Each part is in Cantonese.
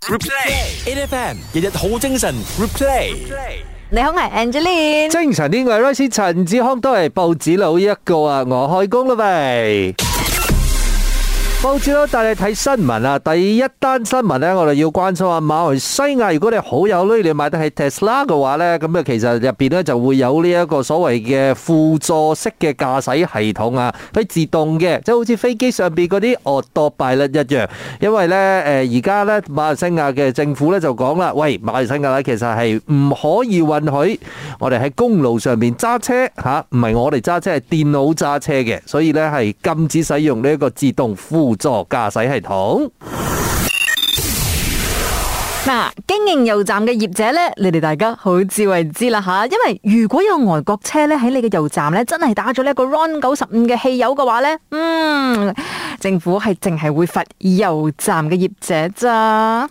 Replay AFM 日日好精神。Replay，你好，我係 Angeline 精神啲外 Rose 陳志康都係報紙佬一個啊！我開工啦喂。好，紙啦，但睇新聞啊，第一單新聞呢，我哋要關心啊。馬來西亞，如果你好有鐳，你買得起 Tesla 嘅話呢，咁啊，其實入邊呢就會有呢一個所謂嘅輔助式嘅駕駛系統啊，係自動嘅，即係好似飛機上邊嗰啲哦，多拜啦一樣。因為呢，誒而家呢馬來西亞嘅政府呢就講啦，喂，馬來西亞呢，其實係唔可以允許我哋喺公路上面揸車吓，唔係我哋揸車，係電腦揸車嘅，所以呢係禁止使用呢一個自動輔。座駕駛系統。嗱、啊，經營油站嘅業者呢，你哋大家好自為之啦吓，因為如果有外國車呢，喺你嘅油站呢，真係打咗呢一個 RON 九十五嘅汽油嘅話呢，嗯，政府係淨係會罰油站嘅業者咋。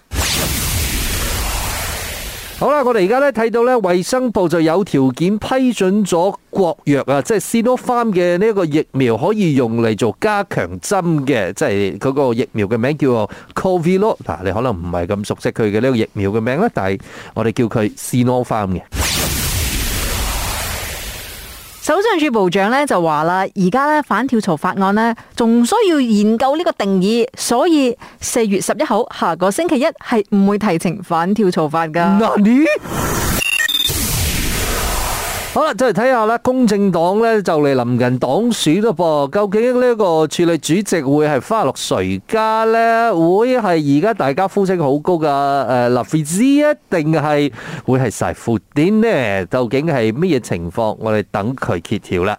好啦，我哋而家咧睇到咧，衛生部就有條件批准咗國藥啊，即係 Sinopharm 嘅呢一個疫苗可以用嚟做加強針嘅，即係嗰個疫苗嘅名叫做 Covilo，嗱，你可能唔係咁熟悉佢嘅呢個疫苗嘅名啦，但係我哋叫佢 Sinopharm 嘅。首相署部長咧就話啦，而家咧反跳槽法案呢，仲需要研究呢個定義，所以四月十一號下個星期一係唔會提呈反跳槽法噶。好啦，再嚟睇下啦，公正黨咧就嚟臨近黨選咯噃，究竟呢個署理主席會係花落誰家咧？會係而家大家呼聲好高嘅誒，Rafizi 啊，定係會係 Saifuddin 咧？究竟係乜嘢情況？我哋等佢揭曉啦。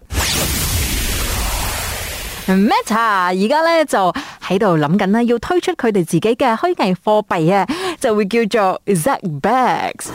Meta 而家咧就喺度諗緊啦，要推出佢哋自己嘅虛擬貨幣啊，就會叫做 Zuck Bucks。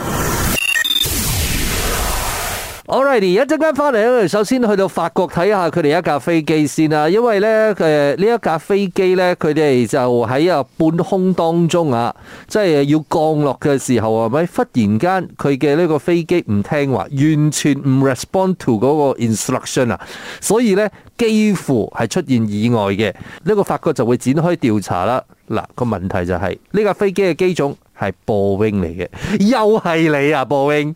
Alrighty, 一陣間翻嚟，首先去到法國睇下佢哋一架飛機先啦，因為咧，誒呢一架飛機咧，佢哋就喺啊半空當中啊，即係要降落嘅時候啊，係咪忽然間佢嘅呢個飛機唔聽話，完全唔 respond to 嗰個 instruction 啊，所以咧幾乎係出現意外嘅，呢、這個法國就會展開調查啦。嗱個問題就係、是、呢架飛機嘅機種係 Boeing 嚟嘅，又係你啊 Boeing。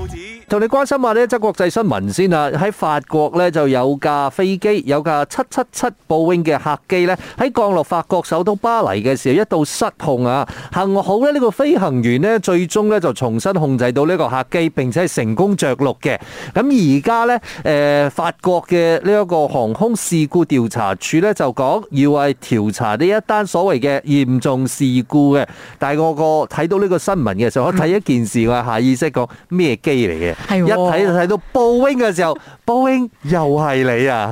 同你關心下呢，則國際新聞先啦。喺法國呢，就有架飛機，有架七七七波音嘅客機呢，喺降落法國首都巴黎嘅時候，一度失控啊！幸好呢，呢個飛行員呢，最終呢，就重新控制到呢個客機，並且係成功着陸嘅。咁而家呢，誒法國嘅呢一個航空事故調查處呢，就講要係調查呢一單所謂嘅嚴重事故嘅。但係我個睇到呢個新聞嘅時候，我睇一件事，我下意識講咩機嚟嘅？係一睇就睇到報應嘅時候，報應又係你啊！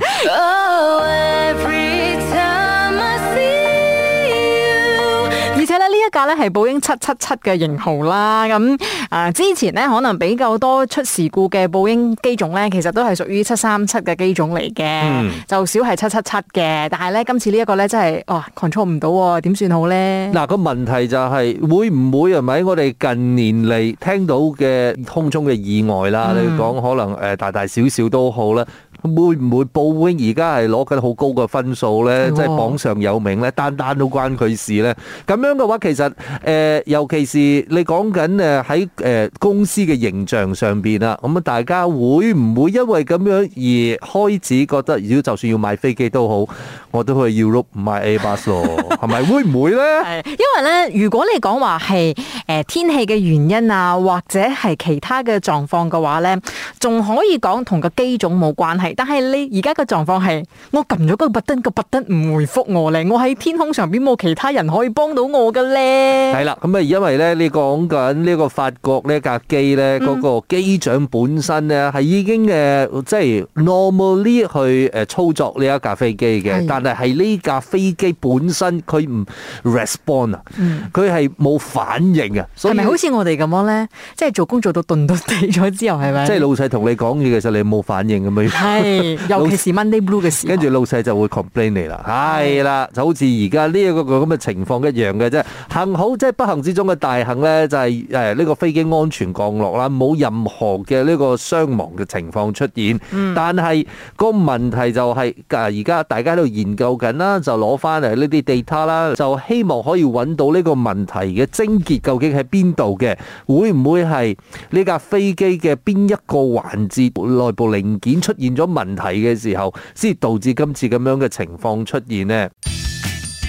一架咧係波音七七七嘅型號啦，咁啊之前咧可能比較多出事故嘅波音機種咧，其實都係屬於七三七嘅機種嚟嘅，就少係七七七嘅。但係咧今次呢一個咧真係哦 control 唔到喎，點算好咧？嗱、個問題就係會唔會係咪我哋近年嚟聽到嘅空中嘅意外啦、嗯？你講可能誒大大小小都好啦。會唔會波音而家係攞緊好高嘅分數呢？哦、即係榜上有名咧，單單都關佢事呢？咁樣嘅話，其實誒、呃，尤其是你講緊誒喺誒公司嘅形象上邊啊，咁啊，大家會唔會因為咁樣而開始覺得，如果就算要買飛機都好？我都去要碌唔 o 買 A 巴士，係咪會唔會咧？係 因為咧，如果你講話係誒、呃、天氣嘅原因啊，或者係其他嘅狀況嘅話咧，仲可以講同個機種冇關係。但係你而家個狀況係，我撳咗個 button 個 button 唔回覆我咧，我喺天空上邊冇其他人可以幫到我嘅咧。係啦，咁啊，因為咧你講緊呢個法國架呢架機咧，嗰、嗯嗰個機長本身咧係已經誒即係 normally 去誒操作呢一架飛機嘅，但係呢架飛機本身佢唔 respond 啊、嗯，佢係冇反應啊，所以係咪好似我哋咁樣咧？即係做工做到頓到地咗之後，係咪？即係老細同你講嘢，其實你冇反應咁樣。係，尤其是 Monday Blue 嘅時候。跟住老細就會 complain 你啦，係啦，就好似而家呢一個咁嘅、這個、情況一樣嘅啫。幸好即係、就是、不幸之中嘅大幸咧，就係、是、呢個飛機安全降落啦，冇任何嘅呢個傷亡嘅情況出現。嗯、但係個問題就係、是，而家大家喺度研究緊啦，就攞翻嚟呢啲 data 啦，就希望可以揾到呢個問題嘅症結究竟喺邊度嘅，會唔會係呢架飛機嘅邊一個環節內部零件出現咗問題嘅時候，先導致今次咁樣嘅情況出現呢？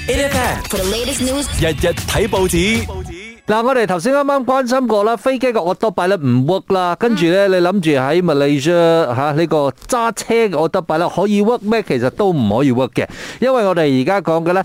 日日睇報紙。嗱、啊，我哋頭先啱啱關心過啦，飛機，機、嗯啊呢個 o d o 呢唔 work 啦，跟住咧你諗住喺 Malaysia 呢個揸車嘅 o d o 呢可以 work 咩？其實都唔可以 work 嘅，因為我哋而家講嘅咧，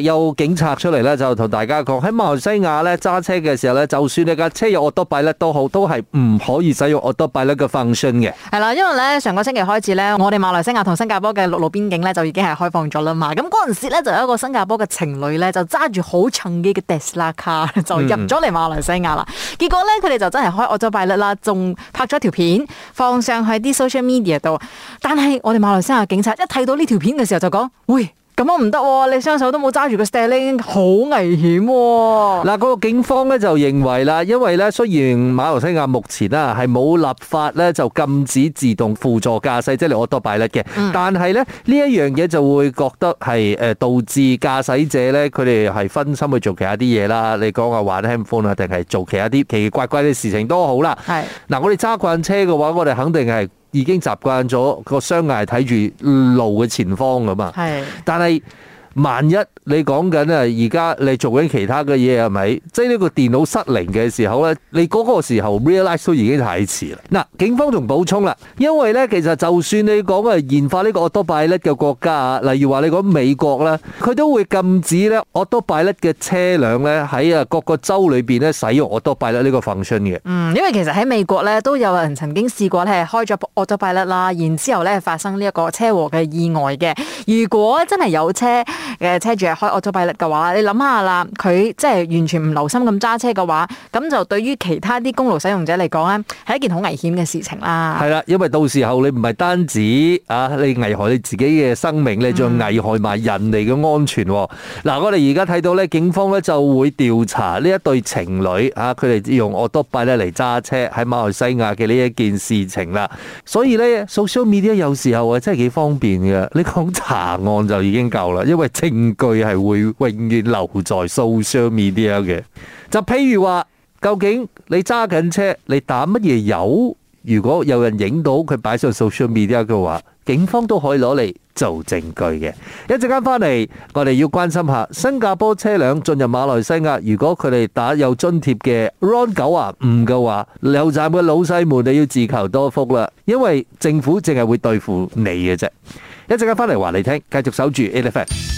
誒有警察出嚟咧就同大家講喺馬來西亞咧揸車嘅時候咧，就算你架車有 o d o 呢都好，都係唔可以使用 o d o 呢個 function 嘅。係啦，因為咧上個星期開始咧，我哋馬來西亞同新加坡嘅陸路邊境咧就已經係開放咗啦嘛，咁嗰陣時咧就有一個新加坡嘅情侶咧就揸住好趁機嘅 Tesla car 就。嗯入咗嚟馬來西亞啦，結果咧佢哋就真係開惡作劇啦，仲拍咗條片放上去啲 social media 度，但係我哋馬來西亞警察一睇到呢條片嘅時候就講，喂！咁我唔得喎！你雙手都冇揸住個 steering 好危險喎，啊！嗱，嗰個警方咧就認為啦，因為咧雖然馬來西亞目前啦係冇立法咧就禁止自動輔助駕駛，即係我多拜甩嘅，但係咧呢一樣嘢就會覺得係誒導致駕駛者咧佢哋係分心去做其他啲嘢啦。你講啊玩 handphone 啊，定係做其他啲奇奇怪怪嘅事情都好啦。係嗱、啊，我哋揸慣車嘅話，我哋肯定係。已經習慣咗個雙眼睇住路嘅前方咁嘛，但係。萬一你講緊啊，而家你在做緊其他嘅嘢係咪？即係呢個電腦失靈嘅時候咧，你嗰個時候 realize 都已經太遲啦。嗱，警方仲補充啦，因為咧其實就算你講啊，研發呢個 Autopilot 嘅國家啊，例如話你講美國啦，佢都會禁止咧 Autopilot 嘅車輛咧喺啊各個州裏邊咧使用 Autopilot 呢個 function 嘅。嗯，因為其實喺美國咧都有人曾經試過咧開咗 Autopilot 啦，然之後咧發生呢一個車禍嘅意外嘅。如果真係有車，嘅車主啊，開惡作閉率嘅話，你諗下啦，佢即係完全唔留心咁揸車嘅話，咁就對於其他啲公路使用者嚟講咧，係一件好危險嘅事情啦。係啦，因為到時候你唔係單止啊，你危害你自己嘅生命，你仲危害埋人哋嘅安全。嗱、嗯，我哋而家睇到咧，警方咧就會調查呢一對情侶啊，佢哋用惡作閉咧嚟揸車喺馬來西亞嘅呢一件事情啦。所以咧，social media 有時候啊，真係幾方便嘅。你講查案就已經夠啦，因為證據係會永遠留在 social media 面啲嘅，就譬如話，究竟你揸緊車，你打乜嘢油？如果有人影到佢擺上 social media 面啲嘅話，警方都可以攞嚟做證據嘅。一陣間翻嚟，我哋要關心下新加坡車輛進入馬來西亞，如果佢哋打有津貼嘅 RON 九啊五嘅話，油站嘅老細們你要自求多福啦，因為政府淨係會對付你嘅啫。一陣間翻嚟話你聽，繼續守住 Elephant。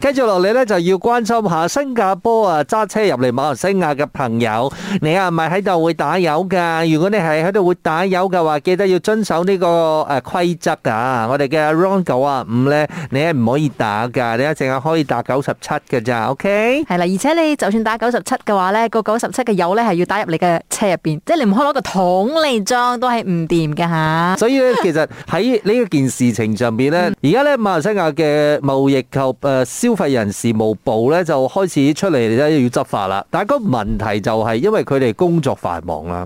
跟住落嚟咧，就要關心下新加坡啊，揸車入嚟馬來西亞嘅朋友，你係咪喺度會打油噶？如果你係喺度會打油嘅話，記得要遵守呢個誒規則啊！我哋嘅 RON 九啊五咧，你係唔可以打噶，你淨係可以打九十七嘅咋，OK？係啦，而且你就算打九十七嘅話咧，個九十七嘅油咧係要打入你嘅車入邊，即係你唔可以攞個桶嚟裝，都係唔掂㗎吓。所以咧，其實喺呢一件事情上邊咧，而家咧馬來西亞嘅貿易及誒、呃消費人事務部咧就開始出嚟咧要執法啦，但係個問題就係因為佢哋工作繁忙啦，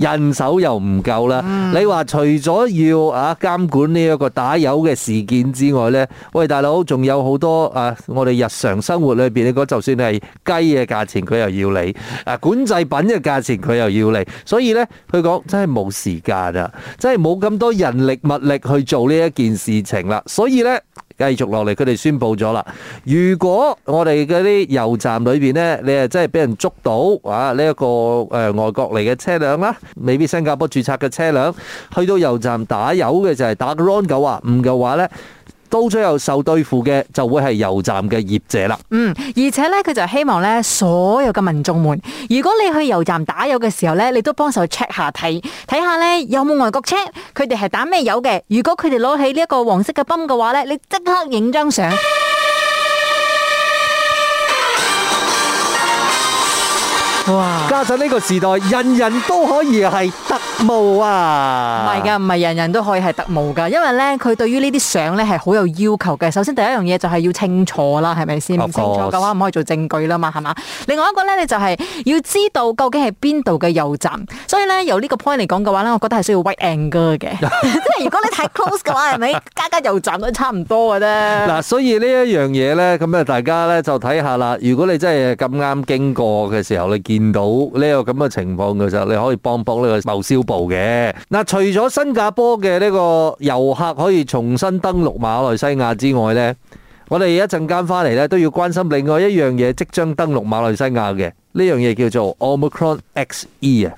人手又唔夠啦。你話除咗要啊監管呢一個打油嘅事件之外呢，喂大佬，仲有好多啊我哋日常生活裏邊，你講就算係雞嘅價錢佢又要你啊，管制品嘅價錢佢又要你，所以呢，佢講真係冇時間啊，真係冇咁多人力物力去做呢一件事情啦，所以呢。繼續落嚟，佢哋宣佈咗啦。如果我哋嗰啲油站裏邊呢，你誒真係俾人捉到啊！呢、這、一個誒、呃、外國嚟嘅車輛啦，未必新加坡註冊嘅車輛，去到油站打油嘅就係打 RON 九啊五嘅話呢。到最後受對付嘅就會係油站嘅業者啦。嗯，而且咧佢就希望咧所有嘅民眾們，如果你去油站打油嘅時候咧，你都幫手 check 下睇，睇下咧有冇外國車，佢哋係打咩油嘅。如果佢哋攞起呢一個黃色嘅泵嘅話咧，你即刻影張相。加上呢個時代，人人都可以係特務啊？唔係噶，唔係人人都可以係特務噶，因為咧佢對於呢啲相咧係好有要求嘅。首先第一樣嘢就係要清楚啦，係咪先？唔清楚嘅話唔可以做證據啦嘛，係嘛？另外一個咧，你就係、是、要知道究竟係邊度嘅油站。所以咧由呢個 point 嚟講嘅話咧，我覺得係需要 wide angle 嘅，即 係 如果你太 close 嘅話，係咪加加油站都差唔多嘅啫？嗱，所以這呢一樣嘢咧，咁啊大家咧就睇下啦。如果你真係咁啱經過嘅時候，見到呢個咁嘅情況嘅時候，你可以幫幫呢個貿銷部嘅。嗱，除咗新加坡嘅呢個遊客可以重新登陸馬來西亞之外呢，我哋一陣間翻嚟呢，都要關心另外一樣嘢，即將登陸馬來西亞嘅。呢樣嘢叫做 Omicron XE 啊！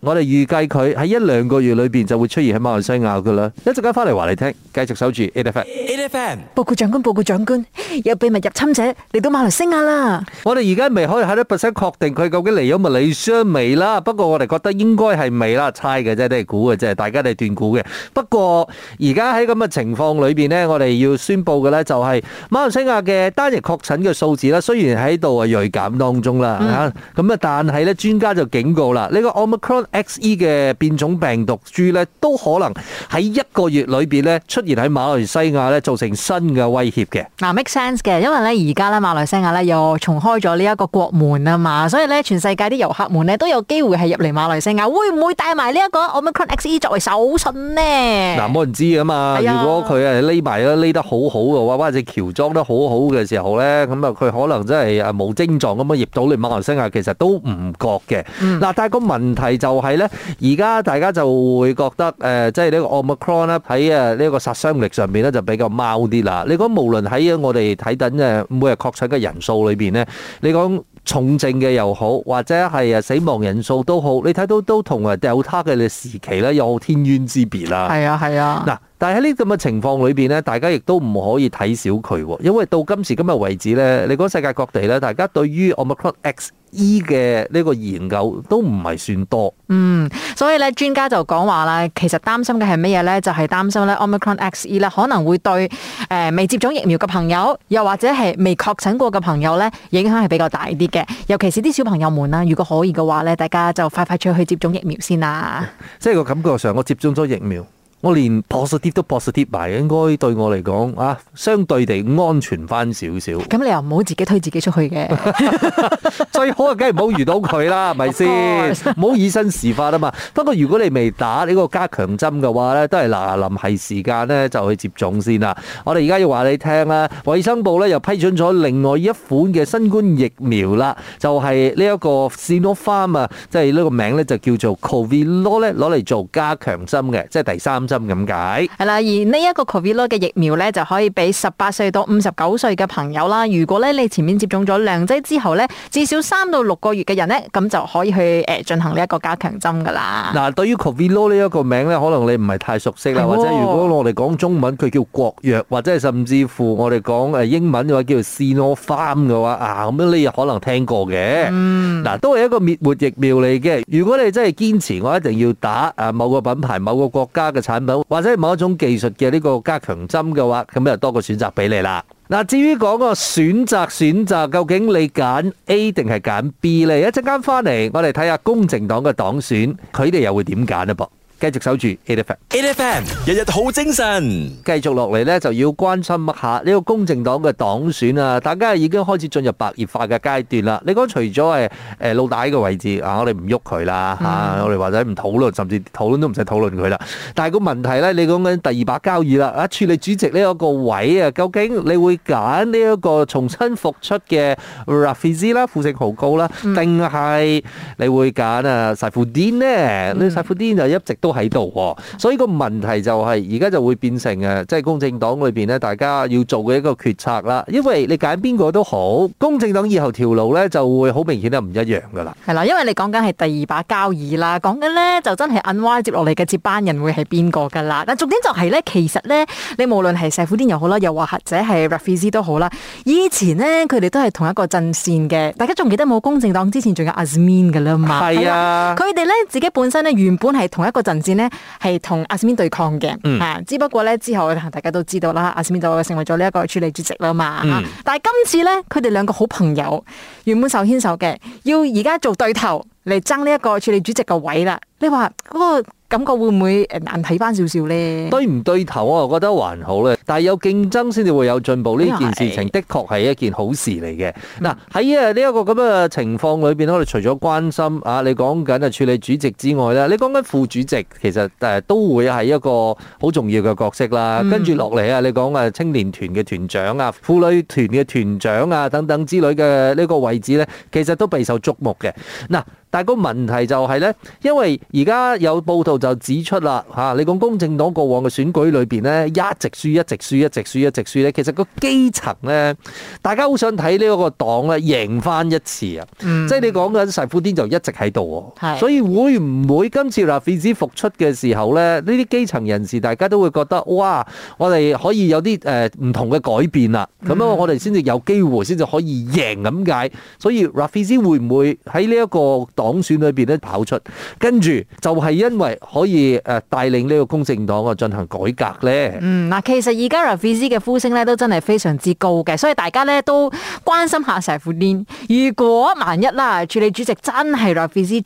我哋預計佢喺一兩個月裏邊就會出現喺馬來西亞噶啦。一陣間翻嚟話你聽，繼續守住 ATV，ATV 報告長官，報告長官，有秘密入侵者嚟到馬來西亞啦！我哋而家未可以喺度 percent 確定佢究竟嚟咗馬來西亞未啦。不過我哋覺得應該係未啦，猜嘅啫，都係估嘅啫，大家都係斷估嘅。不過而家喺咁嘅情況裏邊咧，我哋要宣布嘅咧就係馬來西亞嘅單日確診嘅數字咧，雖然喺度啊，鋭減當中啦嚇。咁啊，但係咧，專家就警告啦，呢個 Omicron X.E 嘅變種病毒株咧，都可能喺一個月裏邊咧出現喺馬來西亞咧，造成新嘅威脅嘅。嗱、啊，make sense 嘅，因為咧而家咧馬來西亞咧又重開咗呢一個國門啊嘛，所以咧全世界啲遊客們咧都有機會係入嚟馬來西亞，會唔會帶埋呢一個 Omicron X.E 作為手信呢？嗱、啊，冇人知啊嘛、哎。如果佢係匿埋啦，匿得好好嘅話，或者喬裝得好好嘅時候咧，咁啊佢可能真係冇無症狀咁樣入到嚟馬來西亞。其實都唔覺嘅，嗱、嗯，但係個問題就係、是、咧，而家大家就會覺得誒、呃，即係呢個 omicron 咧喺呢個殺傷力上面咧就比較貓啲啦。你講無論喺我哋睇緊誒每日確診嘅人數裏邊咧，你講重症嘅又好，或者係死亡人數都好，你睇到都同啊 Delta 嘅時期咧有天淵之別啦。係啊，係啊。嗱。但喺呢咁嘅情況裏面，咧，大家亦都唔可以睇小佢，因為到今時今日為止咧，你講世界各地咧，大家對於 Omicron XE 嘅呢個研究都唔係算多。嗯，所以咧專家就講話啦，其實擔心嘅係乜嘢咧，就係、是、擔心咧 Omicron XE 咧可能會對、呃、未接種疫苗嘅朋友，又或者係未確診過嘅朋友咧，影響係比較大啲嘅。尤其是啲小朋友們啦，如果可以嘅話咧，大家就快快出去接種疫苗先啦。嗯、即係個感覺上，我接種咗疫苗。我連 positive 都 positive 埋，應該對我嚟講啊，相對地安全翻少少。咁你又唔好自己推自己出去嘅， 最好啊，梗係唔好遇到佢啦，係咪先？唔好以身試法啊嘛。不過如果你未打呢個加強針嘅話咧，都係嗱臨係時間咧就去接種先啦。我哋而家要話你聽咧，衞生部咧又批准咗另外一款嘅新冠疫苗啦，就係呢一個 Sinopharm 啊，即係呢個名咧就叫做 Covilo 咧，攞嚟做加強針嘅，即係第三針咁解係啦，而呢一個 Covilo 嘅疫苗咧，就可以俾十八歲到五十九歲嘅朋友啦。如果咧你前面接種咗兩劑之後咧，至少三到六個月嘅人咧，咁就可以去誒進行呢一個加強針噶啦。嗱，對於 Covilo 呢一個名咧，可能你唔係太熟悉啦，或者如果我哋講中文，佢叫國藥，或者甚至乎我哋講誒英文嘅話叫 Sinopharm 嘅話啊，咁呢你可能聽過嘅。嗯，嗱，都係一個滅活疫苗嚟嘅。如果你真係堅持，我一定要打誒某個品牌，某個國家嘅產品。或者某一種技術嘅呢個加強針嘅話，咁就多個選擇俾你啦。嗱，至於講個選擇選擇，究竟你揀 A 定係揀 B 呢？一陣間翻嚟，我哋睇下公正黨嘅黨選，佢哋又會點揀咧？噃。繼續守住 AiFM，AiFM 日日好精神。繼續落嚟咧，就要關心一下呢個公正黨嘅黨選啊。大家已經開始進入白熱化嘅階段啦。你講除咗誒誒老大呢個位置啊，我哋唔喐佢啦吓，我哋或者唔討論，甚至討論都唔使討論佢啦。但係個問題咧，你講緊第二把交椅啦啊，處理主席呢一個位啊，究竟你會揀呢一個重新復出嘅 Rafizi 啦，呼聲好高啦，定係你會揀啊 Safudin 呢個 Safudin 就一直都。都喺度，所以個問題就係而家就會變成誒，即係公正黨裏邊咧，大家要做嘅一個決策啦。因為你揀邊個都好，公正黨以後條路咧就會好明顯咧唔一樣噶啦。係啦，因為你講緊係第二把交椅啦，講緊咧就真係 N.Y. 接落嚟嘅接班人會係邊個噶啦。但重點就係咧，其實咧你無論係社虎天又好啦，又或者係 Rafizi 都好啦，以前呢，佢哋都係同一個陣線嘅。大家仲記得冇？公正黨之前仲有 Azmin 噶啦嘛？係啊。佢哋咧自己本身咧原本係同一個陣。先呢係同阿茲敏對抗嘅。吓、嗯，只不過咧之後大家都知道啦，阿茲敏就成為咗呢一個處理主席啦嘛，嗯、但係今次咧，佢哋兩個好朋友原本受牽手、牽手嘅，要而家做對頭嚟，爭呢一個處理主席個位啦。你話嗰，那個？感覺會唔會難睇翻少少呢？對唔對頭，我就覺得還好咧。但係有競爭先至會有進步，呢件事情的確係一件好事嚟嘅。嗱、喺呢一個咁嘅情況裏邊，我哋除咗關心啊，你講緊啊處理主席之外咧，你講緊副主席其實誒都會係一個好重要嘅角色啦、嗯。跟住落嚟啊，你講啊青年團嘅團長啊、婦女團嘅團長啊等等之類嘅呢個位置呢，其實都備受矚目嘅。嗱、嗯。但係個問題就係、是、咧，因為而家有報道就指出啦，吓、啊、你講公正黨過往嘅選舉裏邊咧，一直輸，一直輸，一直輸，一直輸咧。其實個基層咧，大家好想睇呢一個黨咧贏翻一次啊！嗯、即係你講緊賽夫丁就一直喺度、啊，所以會唔會今次拉菲茲復出嘅時候咧，呢啲基層人士大家都會覺得哇，我哋可以有啲誒唔同嘅改變啦、啊，咁、嗯、樣我哋先至有機會，先至可以贏咁解。所以拉菲茲會唔會喺呢一個？黨選裏邊咧跑出，跟住，就係因為可以誒帶領呢個公正黨啊進行改革呢。嗯、嗱、其實而家 Rafizi 嘅呼聲咧都真係非常之高嘅，所以大家咧都關心一下石富連。如果萬一啦，署理主席真係 Rafizi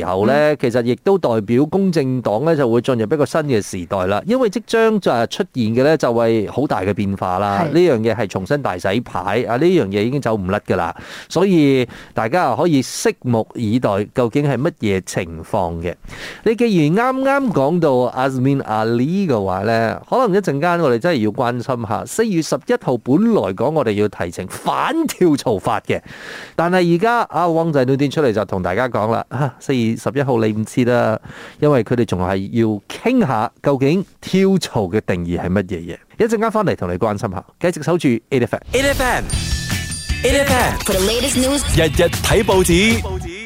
時、嗯、咧，其實亦都代表公正黨咧就會進入一個新嘅時代啦。因為即將就出現嘅咧就會好大嘅變化啦。呢樣嘢係重新大洗牌啊！呢樣嘢已經走唔甩噶啦，所以大家可以拭目以待，究竟係乜嘢情況嘅？你既然啱啱講到 Azmin Ali 嘅話呢，可能一陣間我哋真係要關心下。四月十一號本來講我哋要提呈反跳槽法嘅，但係而家阿旺朱乃迪出嚟就同大家講啦，十一號你唔知啦，因為佢哋仲係要傾下究竟跳槽嘅定義係乜嘢嘢。一陣間翻嚟同你關心一下，繼續守住 AiFM AiFM AiFM，日日睇報紙。報紙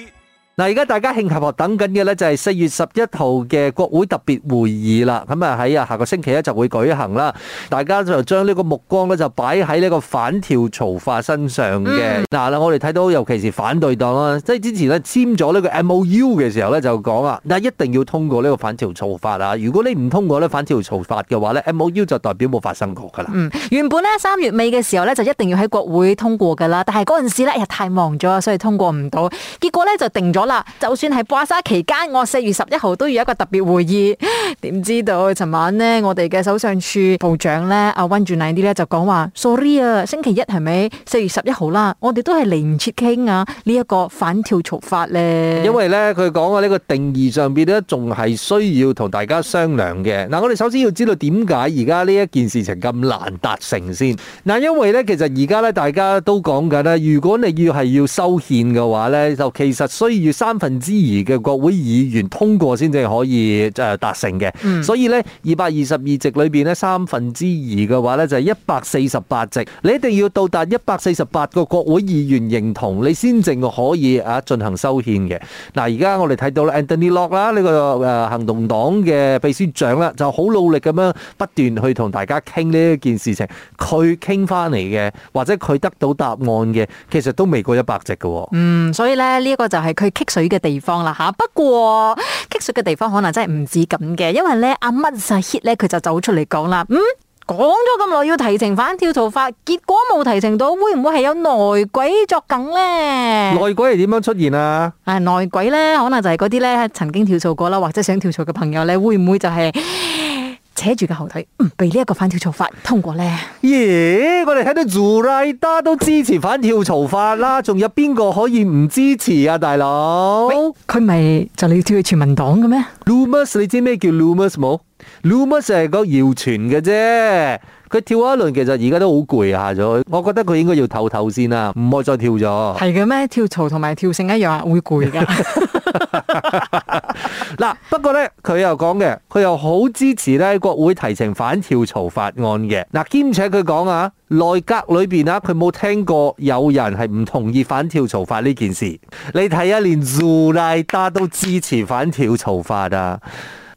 嗱，而家大家慶合學等緊嘅咧就係四月十一號嘅國會特別會議啦，咁啊喺啊下個星期一就會舉行啦，大家就將呢個目光咧就擺喺呢個反跳槽法身上嘅。嗱、嗯、啦、啊，我哋睇到尤其是反對黨啦，即係之前咧簽咗呢個 M O U 嘅時候咧就講啊，嗱，一定要通過呢個反跳槽法啊，如果你唔通過呢反跳槽法嘅話咧，M O U 就代表冇發生過噶啦、嗯。原本咧三月尾嘅時候咧就一定要喺國會通過噶啦，但係嗰陣時咧又太忙咗，所以通過唔到，結果咧就定咗。好啦，就算係刮沙期間，我四月十一號都要一個特別會議。點知道？尋晚呢？我哋嘅首相署部長呢，阿旺朱乃迪呢啲就講話，sorry 啊，星期一係咪？四月十一號啦，我哋都係嚟唔切傾啊呢一、這個反跳槽法呢，因為呢，佢講話呢個定義上邊呢，仲係需要同大家商量嘅。嗱、嗯，我哋首先要知道點解而家呢一件事情咁難達成先。嗱、嗯，因為呢，其實而家呢大家都講緊如果你要係要修憲嘅話呢，就其實需要。三分之二嘅國會議員通過先至可以達成嘅，所以呢，二百二十二席裏邊呢，三分之二嘅話呢，就係一百四十八席，你一定要到達一百四十八個國會議員認同，你先正可以啊進行修憲嘅。嗱，而家我哋睇到啦，Anthony Lock 啦呢個誒行動黨嘅秘書長啦，就好努力咁樣不斷去同大家傾呢一件事情，佢傾翻嚟嘅或者佢得到答案嘅，其實都未過一百席嘅。嗯，所以呢，呢個就係佢積水嘅地方啦吓，不過積水嘅地方可能真係唔止咁嘅，因為咧阿乜晒 hit 咧，佢、啊、就走出嚟講啦。嗯，講咗咁耐要提呈反跳槽法，結果冇提呈到，會唔會係有內鬼作梗咧？內鬼係點樣出現啊？係、啊、內鬼咧，可能就係嗰啲咧曾經跳槽過啦，或者想跳槽嘅朋友咧，會唔會就係、是？扯住個後腿，唔俾呢一個反跳槽法通過咧。耶、yeah！我哋睇到 Zuraida 都支持反跳槽法啦，仲有邊個可以唔支持啊？大佬，好，佢咪就你要跳去全民黨嘅咩？Loomus 你知咩叫 Loomus 冇？Loomus 係個謠傳嘅啫。佢跳一輪，其實而家都好攰下咗。我覺得佢應該要唞唞先啦，唔可以再跳咗。係嘅咩？跳槽同埋跳繩一樣啊，好攰噶。 嗱， 不過呢，佢又講嘅，佢又好支持呢國會提呈反跳槽法案嘅。嗱，兼且佢講啊，內閣裏邊啊，佢冇聽過有人係唔同意反跳槽法呢件事。你睇啊，連朱乃迪都支持反跳槽法啊，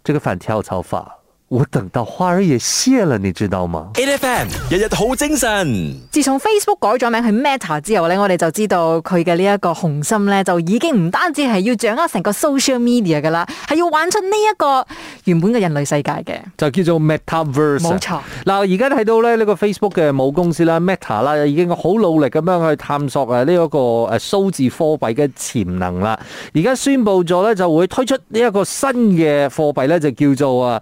即個反跳槽法。我等到花兒也謝了，你知道嗎？N F M 日日好精神。自從 Facebook 改咗名係 Meta 之後咧，我哋就知道佢嘅呢一個雄心咧就已經唔單止係要掌握成個 social media 噶啦，係要玩出呢一個原本嘅人類世界嘅，就叫做 Metaverse。冇錯。嗱，而家睇到咧呢個 Facebook 嘅母公司啦，Meta 啦，已經好努力咁樣去探索誒呢一個誒數字貨幣嘅潛能啦。而家宣布咗咧就會推出呢一個新嘅貨幣咧就叫做啊。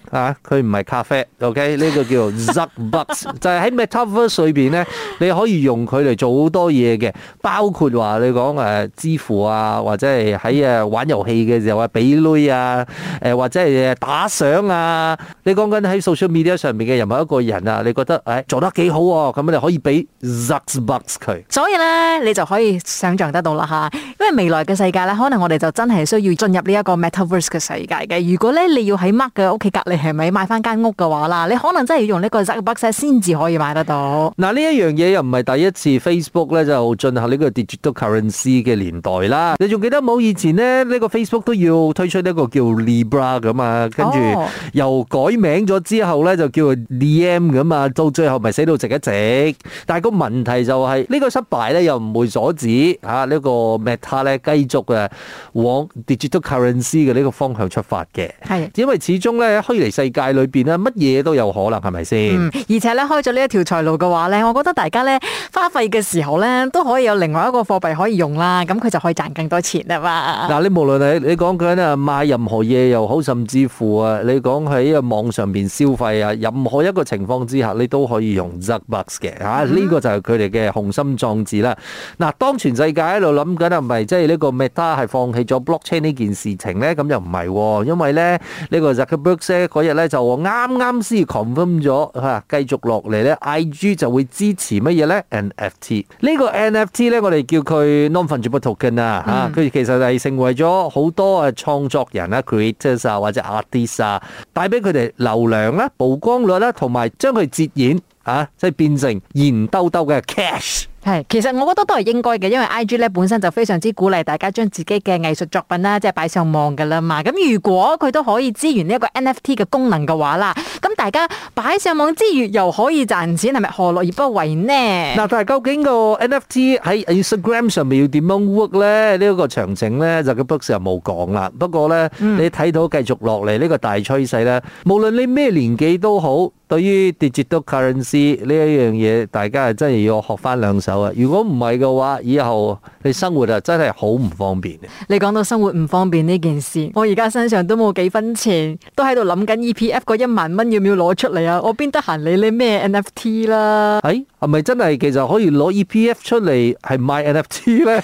啊！佢唔係咖啡，OK 呢個叫做 Zuck Bucks，就係喺 Metaverse 裡面咧，你可以用佢嚟做好多嘢嘅，包括話你講誒支付啊，或者係喺誒玩遊戲嘅時候俾鐳啊，誒或者係打賞啊。你講緊喺 Social Media 上面嘅任何一個人啊，你覺得誒做得幾好咁，你可以俾 Zuck Bucks 佢。所以咧，你就可以想象得到啦嚇，因為未來嘅世界咧，可能我哋就真係需要進入呢一個 Metaverse 嘅世界嘅。如果咧你要喺 Mark 嘅屋企隔籬，係咪買翻間屋嘅話啦？你可能真係要用呢個 Zuck Bucks 先至可以買得到。嗱，呢一樣嘢又唔係第一次 Facebook 咧就進行呢個 digital currency 嘅年代啦。你仲記得冇？以前呢，呢個 Facebook 都要推出呢個叫 Libra 咁啊，跟住又改名咗之後咧就叫 DM 咁啊，到最後咪死到值一直。但係個問題就係呢個失敗咧又唔會阻止吓呢個 Meta 咧繼續啊往 digital currency 嘅呢個方向出發嘅。係，因為始終咧虛世界裏邊咧，乜嘢都有可能，係咪先？嗯，而且咧，開咗呢一條財路嘅話咧，我覺得大家咧花費嘅時候咧，都可以有另外一個貨幣可以用啦，咁佢就可以賺更多錢啊嘛。嗱，你無論你你講緊啊買任何嘢又好，甚至乎啊，你講喺啊網上邊消費啊，任何一個情況之下，你都可以用 Zuck Bucks 嘅吓，呢個就係佢哋嘅雄心壯志啦。嗱，當全世界喺度諗緊啊，係咪即係呢個 Meta 係放棄咗 Blockchain 呢件事情咧？咁又唔係喎，因為咧呢個 Zuck Bucks 咧佢。今日咧就啱啱先 confirm 咗，嚇、啊、繼續落嚟咧，IG 就會支持乜嘢咧？NFT 呢個 NFT 咧，我哋叫佢 non-fungible token 啊，嚇、嗯、佢其實係成為咗好多嘅創作人啊 creators 啊或者 artists 啊，帶俾佢哋流量咧、啊、曝光率咧、啊，同埋將佢節演啊，即係變成現兜兜嘅 cash。係，其實我覺得都係應該嘅，因為 I G 咧本身就非常之鼓勵大家將自己嘅藝術作品啦，即係擺上網噶啦嘛。咁如果佢都可以支援呢一個 N F T 嘅功能嘅話啦，咁大家擺上網之餘又可以賺錢，係咪何樂而不為呢？嗱，但係究竟個 N F T 喺 Instagram 上面要點樣 work 咧？呢一個詳情咧就個 book 又冇講啦。不過咧，嗯，你睇到繼續落嚟呢個大趨勢咧，無論你咩年紀都好。對於 Digital Currency 呢一樣嘢，大家係真係要學翻兩手啊！如果唔係嘅話，以後你生活啊真係好唔方便。你講到生活唔方便呢件事，我而家身上都冇幾分錢，都喺度諗緊 E P F 嗰一萬蚊要唔要攞出嚟啊！我邊得閒理你咩 N F T 啦？哎，係咪真係其實可以攞 E P F 出嚟係賣 N F T 咧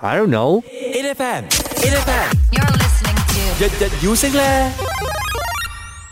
？I don't know。8 F M。8 F M。You're listening to 日日要聲咧。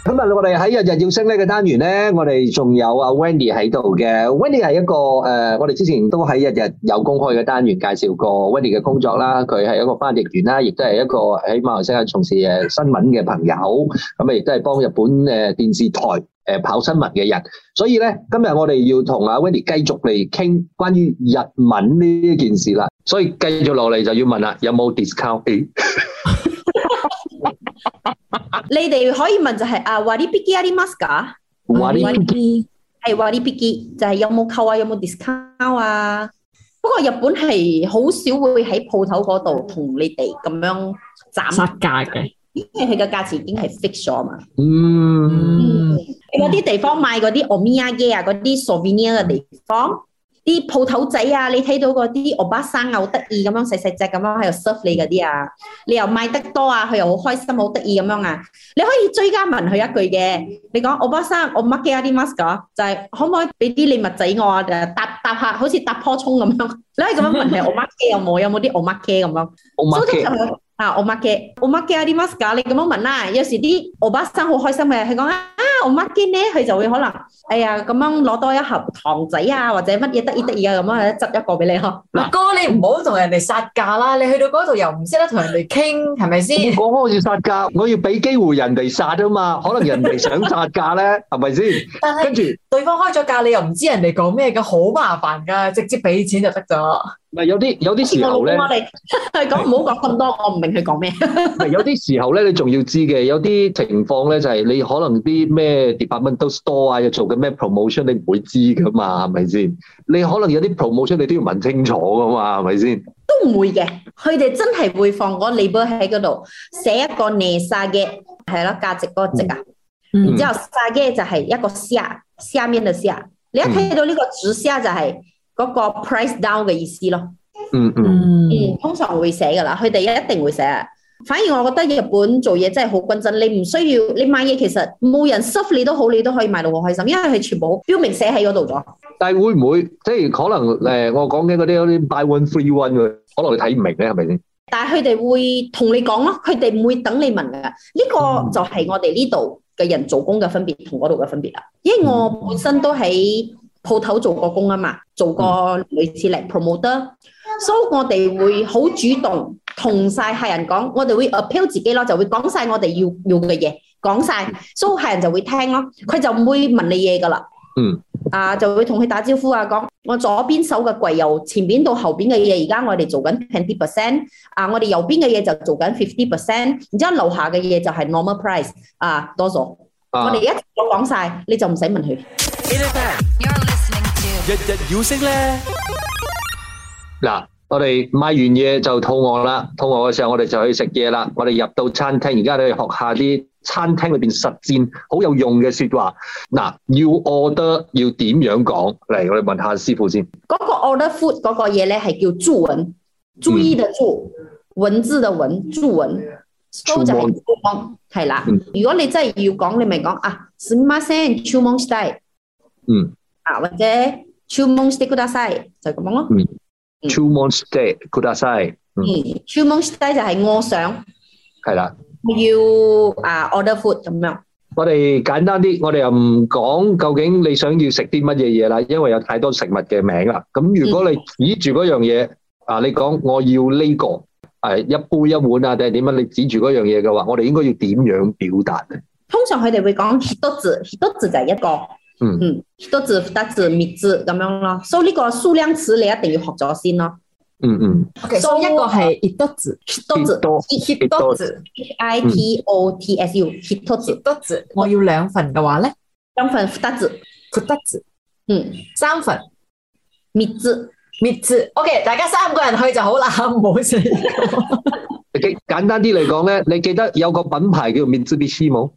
今日我哋喺日日要升呢個單元咧，我哋仲有阿 Wendy 喺度嘅。Wendy 係一個誒，我哋之前都喺日日有公開嘅單元介紹過 Wendy 嘅工作啦。佢係一個翻譯員啦，亦都係一個喺馬來西亞從事誒新聞嘅朋友。咁誒亦都係幫日本誒電視台誒跑新聞嘅人。所以咧，今日我哋要同阿 Wendy 繼續嚟傾關於日文呢件事啦。所以繼續落嚟就要問啦，有冇 discount？ 你哋可以問就係、是、啊，話啲皮基啊啲乜噶？話啲係話啲皮基，就係、是、有冇扣啊，有冇 discount 啊？不過日本係好少會喺鋪頭嗰度同你哋咁樣斬價嘅，因為佢嘅價錢已經係 fixed 咗嘛。嗯，嗰、嗯、啲、嗯、地方賣嗰啲 omiyage 嘅啊，嗰啲 souvenir 嘅地方。啲鋪頭仔啊，你睇到嗰啲奧巴桑啊，好得意咁樣細細隻咁樣喺度 serve 你嗰啲啊，你又買得多啊，佢又好開心好得意咁樣啊，你可以追加問佢一句嘅，你講奧巴桑，omake arimasuka 就係、是、可唔可以俾啲禮物仔我啊，搭搭下好似搭棵蔥咁樣，你可以咁樣問佢，omake 有冇有冇啲 omake 咁樣。有 啊！我買嘅，我買嘅阿啲 mask 乜嘢？你咁樣問啦、啊。有時啲我把生好開心嘅，佢講啊，我買嘅咧，佢就會可能，哎呀咁樣攞多一盒糖仔啊，或者乜嘢得意得意啊咁樣，執一個俾你咯。嗱，哥，哥你唔好同人哋殺價啦，你去到嗰度又唔識得同人哋傾，係咪先？我開似殺價，我要俾機會人哋殺啊嘛，可能人哋想殺價咧，係咪先？跟住對方開咗價，你又唔知人哋講咩噶，好麻煩噶，直接俾錢就得咗。唔係有啲有啲時候咧，係講唔好講咁多，我唔明佢講咩。唔係有啲時候咧，你仲要知嘅，有啲情況咧就係你可能啲咩 department store 啊，又做緊咩 promotion，你唔會知噶嘛，係咪先？你可能有啲 promotion，你都要問清楚噶嘛，係咪先？都唔會嘅，佢哋真係會放嗰個 label 喺嗰度，寫一個 ne sa 嘅，係咯，價值嗰個值啊。嗯。然之後 sa 嘅就係一個下下面的下，你一睇到呢個主下就係。嗰、那個 price down 嘅意思咯，嗯，嗯嗯嗯，通常會寫噶啦，佢哋一一定會寫。反而我覺得日本做嘢真係好均真，你唔需要，你買嘢其實冇人 serve 你都好，你都可以買到好開心，因為佢全部標明寫喺嗰度咗。但係會唔會即係可能我講嘅嗰啲啲 buy one free one，可能你睇唔明咧，係咪先？但係佢哋會同你講咯，佢哋唔會等你問噶。呢、這個就係我哋呢度嘅人做工嘅分別同嗰度嘅分別啦。因為我本身都喺鋪頭做過工啊嘛，做過類似嚟、嗯、promoter，所以、so, 我哋會好主動同晒客人講，我哋會 appeal 自己咯，就會講晒我哋要要嘅嘢，講晒，所、so, 有客人就會聽咯，佢就唔會問你嘢噶啦。嗯，啊，就會同佢打招呼啊，講我左邊手嘅櫃，由前邊到後邊嘅嘢，而家我哋做緊 twenty percent，啊，我哋右邊嘅嘢就做緊 fifty percent，然之後樓下嘅嘢就係 normal price，啊，多數、啊，我哋一講晒，你就唔使問佢。啊 日日咧，嗱，我哋買完嘢就肚餓啦，肚餓嘅時候我哋就去食嘢啦。我哋入到餐廳，而家你學下啲餐廳裏邊實戰好有用嘅說話。嗱，要 order 要點樣講？嚟，我哋問下師傅先。嗰、嗰個 order food 嗰個嘢咧係叫注文，注意的注、嗯、文字的文注文 chumon 係啦。如果你真係要講，你咪講啊，simma 先 chumon 嗯，啊或者。Two months，chumon shite kudasai，就咁樣咯。嗯，chumon shite kudasai。嗯，chumon shite 就係我想。係啦。我要啊，order food 咁樣。我哋簡單啲，我哋又唔講究竟你想要食啲乜嘢嘢啦，因為有太多食物嘅名啦。咁如果你指住嗰樣嘢啊，你講我要呢個係一杯一碗啊，定係點樣？你指住嗰樣嘢嘅話，我哋應該要點樣表達咧？通常佢哋會講 hitotsu，hitotsu 就一個。嗯、mm. 嗯，多字、單字、滅字咁樣咯。所以呢個數量詞你一定要學咗先咯。嗯嗯。OK，、so、所以一個係多字，多字，多字，H I T O T S U，多字，多字 it。我要兩份嘅話咧，兩份單字，單字，嗯，三份滅字，滅字。主 Mitz, OK，大家三個人去就好啦，唔好意思，簡單啲嚟講咧，你記得有個品牌叫滅字必思冇？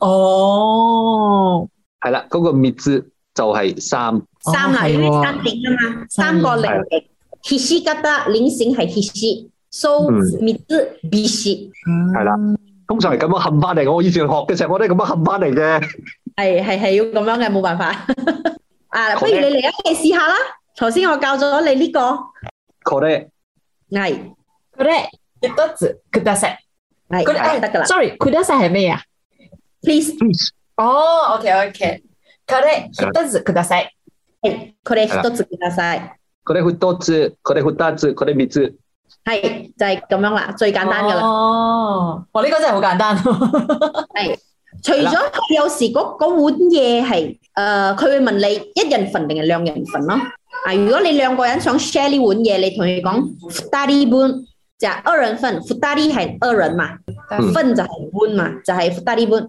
哦。oak antik Andre 係啦，嗰個滅字就係三。三啊，因為三點啊嘛，三個零。血絲吉德鏈繩係血絲，so 滅字鼻血。係啦，通常係咁樣行翻嚟。我以前學嘅時候，我都係咁樣行翻嚟啫。係係係要咁樣嘅，冇辦法。啊，不如你嚟一齊試下啦。頭先我教咗你呢個。could，係。could，吉德字。吉德塞。係。could，吉德噶啦。Sorry，吉德塞係咩啊？Please。哦，OK OK，佢嚟，一つ，佢哋，係，佢嚟，一つ，佢哋，佢嚟，兩次，佢嚟，兩次，佢嚟，三次，係就係咁樣啦，最簡單噶啦。哦，哇呢個真係好簡單。係，除咗有時嗰嗰碗嘢係誒，佢會問你一人份定係兩人份咯。啊，如果你兩個人想 share 呢碗嘢，你同佢講，fourteen 碗就二人份，fourteen 係二人嘛，份就碗嘛，就係 fourteen 碗。